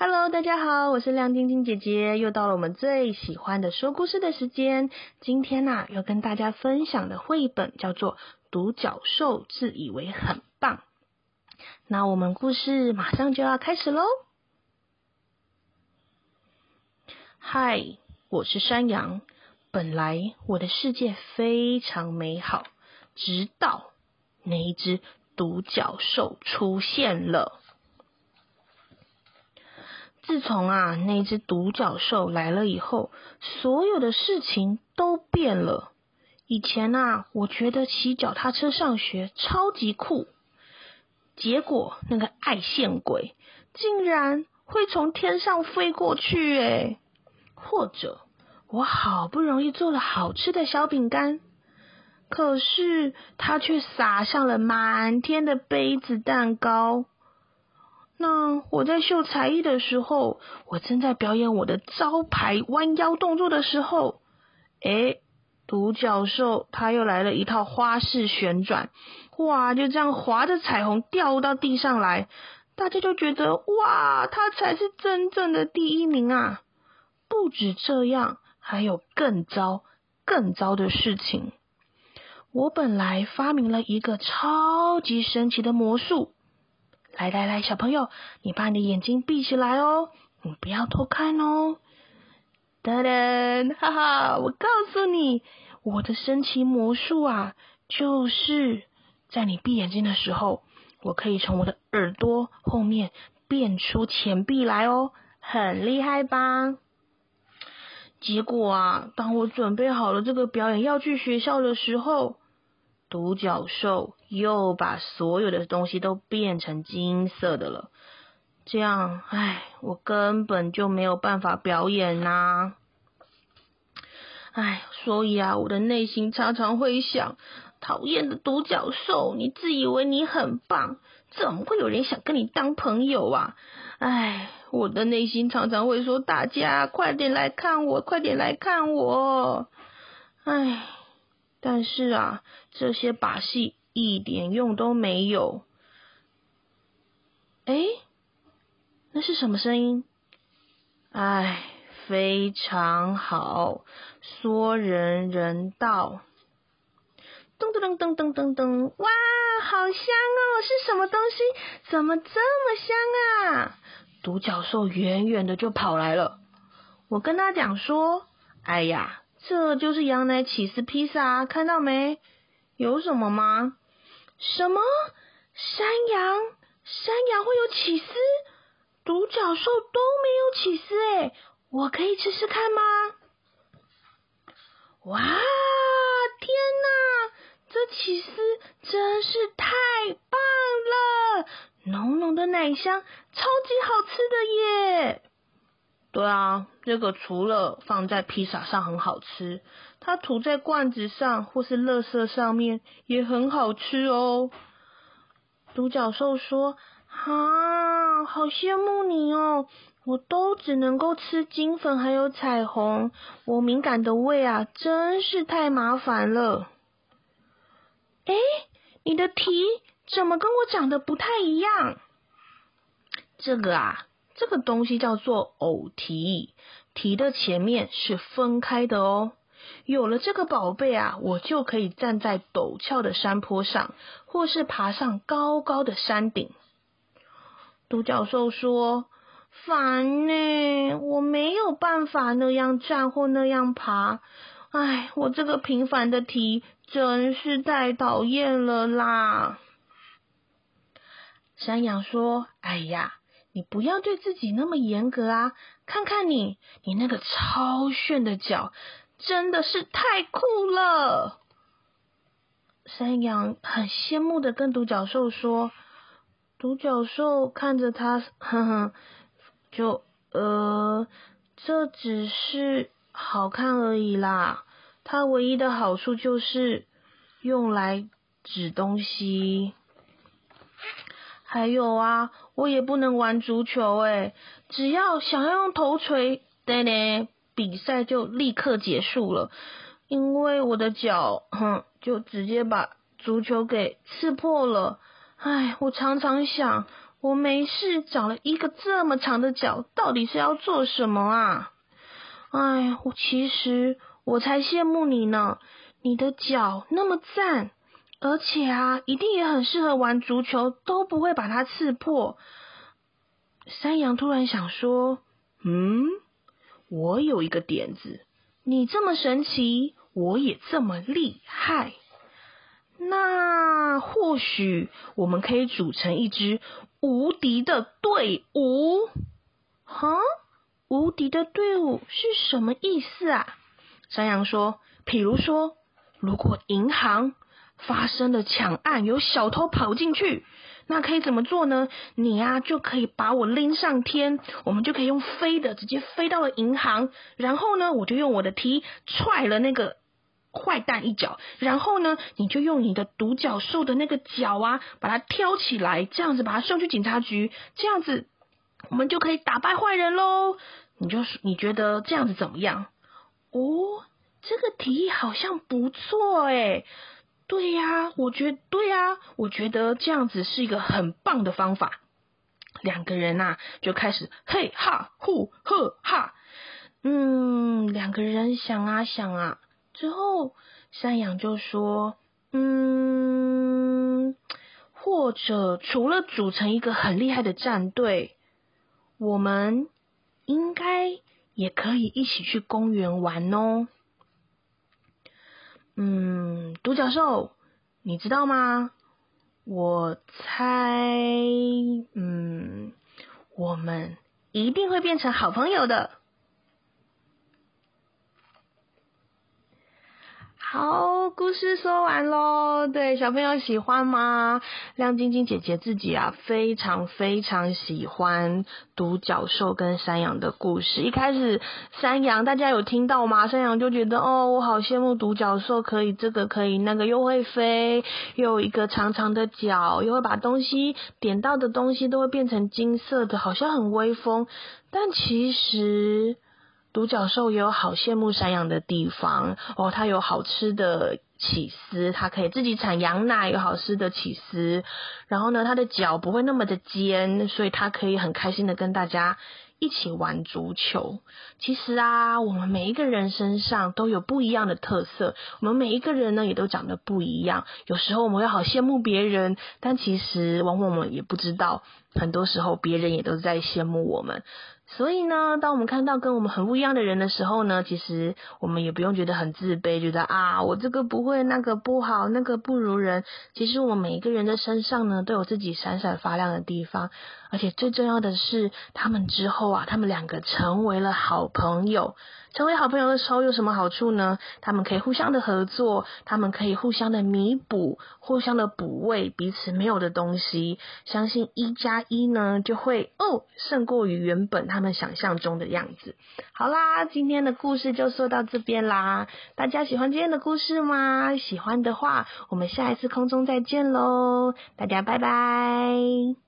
Hello，大家好，我是亮晶晶姐姐，又到了我們最喜歡的說故事的時間。今天呢，要跟大家分享的繪本叫做《獨角獸自以為很棒》。那我們故事馬上就要開始嘍。嗨，我是山羊。本來我的世界非常美好，直到那一隻獨角獸出現了。自從啊那只獨角獸來了以後，所有的事情都變了。以前啊，我覺得騎腳踏車上學超級酷。結果那個愛現鬼竟然會從天上飛過去，哎，或者我好不容易做了好吃的小餅乾，可是它卻灑上了滿天的杯子蛋糕。那我在秀才藝的時候，我正在表演我的招牌彎腰動作的時候，誒，獨角獸他又來了一套花式旋轉，哇，就這樣劃着彩虹掉到地上來，大家就覺得哇，他才是真正的第一名啊！不止這樣，還有更糟，更糟的事情。我本來發明了一個超級神奇的魔術。來來來，小朋友，你把你的眼睛閉起來哦，你不要偷看哦。噔噔，哈哈，我告訴你,我的神奇魔術啊，就是在你閉眼睛的時候，我可以從我的耳朵後面變出錢幣來哦，很厲害吧？結果啊，當我準備好了這個表演要去學校的時候。獨角獸又把所有的東西都變成金色的了，這樣，唉，我根本就沒有辦法表演吶。唉，所以啊，我的內心常常會想：討厭的獨角獸，你自以為你很棒，怎麼會有人想跟你當朋友啊？唉，我的內心常常會說：大家快點來看我，快點來看我。唉。但是啊，這些把戲一點用都沒有。哎、欸，那是什麼聲音？哎，非常好，說人人道。噔噔噔噔噔噔噔。哇，好香哦，是什麼東西？怎麼這麼香啊？獨角獸遠遠的就跑來了，我跟他講說：“哎呀。”這就是羊奶起司披薩，看到沒？有什麼嗎？什麼？山羊？山羊會有起司？獨角獸都沒有起司、欸？誒我可以吃吃看嗎？哇！天哪，這起司真是太棒了！濃濃的奶香，超級好吃的耶！對啊，這個除了放在披薩上很好吃，它塗在罐子上或是垃圾上面也很好吃哦。獨角獸說：“哈、啊、好羨慕你哦，我都只能夠吃金粉還有彩虹，我敏感的胃啊，真是太麻煩了。”誒，你的蹄怎麼跟我長得不太一樣？這個啊。這個東西叫做偶蹄，蹄的前面是分開的哦。有了這個寶貝啊，我就可以站在陡峭的山坡上，或是爬上高高的山頂。獨角獸說：“煩呢、欸，我沒有辦法那樣站或那樣爬。哎，我這個平凡的蹄真是太討厭了啦。”山羊說：“哎呀。”你不要對自己那麼嚴格啊！看看你，你那個超炫的角，真的是太酷了！山羊很羨慕的跟獨角獸說。獨角獸看着他，哼哼，就呃，這只是好看而已啦。它唯一的好處就是用來指東西。還有啊，我也不能玩足球哎！只要想要用頭錘，呆呆，比賽就立刻結束了，因為我的腳哼，就直接把足球給刺破了。唉，我常常想，我沒事長了一個這麼長的腳，到底是要做什麼啊？唉，我其實我才羨慕你呢，你的腳那麼贊。而且啊，一定也很適合玩足球，都不會把它刺破。山羊突然想說：“嗯，我有一個點子，你這麼神奇，我也這麼厲害，那或許我們可以組成一支無敵的隊伍。”嗯？哈，無敵的隊伍是什麼意思啊？山羊說：“比如說，如果銀行。”發生了搶案，有小偷跑進去，那可以怎麼做呢？你呀，就可以把我拎上天，我們就可以用飛的直接飛到了銀行，然後呢，我就用我的蹄踹了那個壞蛋一腳，然後呢，你就用你的獨角獸的那個角啊，把它挑起來，這樣子把它送去警察局，這樣子我們就可以打敗壞人嘍。你就是你覺得這樣子怎麼樣？哦，這個提議好像不錯哎。對呀、啊，我覺得對呀、啊，我覺得這樣子是一個很棒的方法。兩個人吶、啊，就開始嘿哈呼呵哈，嗯，兩個人想啊想啊，之後山羊就說：“嗯，或者除了組成一個很厲害的戰隊，我們應該也可以一起去公園玩哦。”嗯。獨角獸，你知道嗎？我猜，嗯，我們一定會變成好朋友的。好，故事說完嘍。對，小朋友喜歡嗎？亮晶晶姐姐自己啊，非常非常喜歡獨角獸跟山羊的故事。一開始，山羊大家有聽到嗎？山羊就覺得哦，我好羨慕獨角獸，可以這個可以那個，又會飛，又有一個長長的角，又會把東西點到的東西都會變成金色的，好像很威風。但其實，獨角獸也有好羨慕山羊的地方哦，它有好吃的起司，它可以自己產羊奶，有好吃的起司。然後呢，它的腳不會那麼的尖，所以它可以很開心的跟大家。一起玩足球。其實啊，我們每一個人身上都有不一樣的特色。我們每一個人呢，也都長得不一樣。有時候我們會好羨慕別人，但其實往往我們也不知道，很多時候別人也都在羨慕我們。所以呢，當我們看到跟我們很不一樣的人的時候呢，其實我們也不用覺得很自卑，覺得啊，我這個不會，那個不好，那個不如人。其實我們每一個人的身上呢，都有自己閃閃發亮的地方。而且最重要的是，他們之後。哇！他們兩個成為了好朋友。成為好朋友的時候有什麼好處呢？他們可以互相的合作，他們可以互相的彌補，互相的補位彼此沒有的東西。相信一加一呢，就會哦勝過於原本他們想象中的樣子。好啦，今天的故事就說到這邊啦。大家喜歡今天的故事嗎？喜歡的話，我們下一次空中再見嘍！大家拜拜。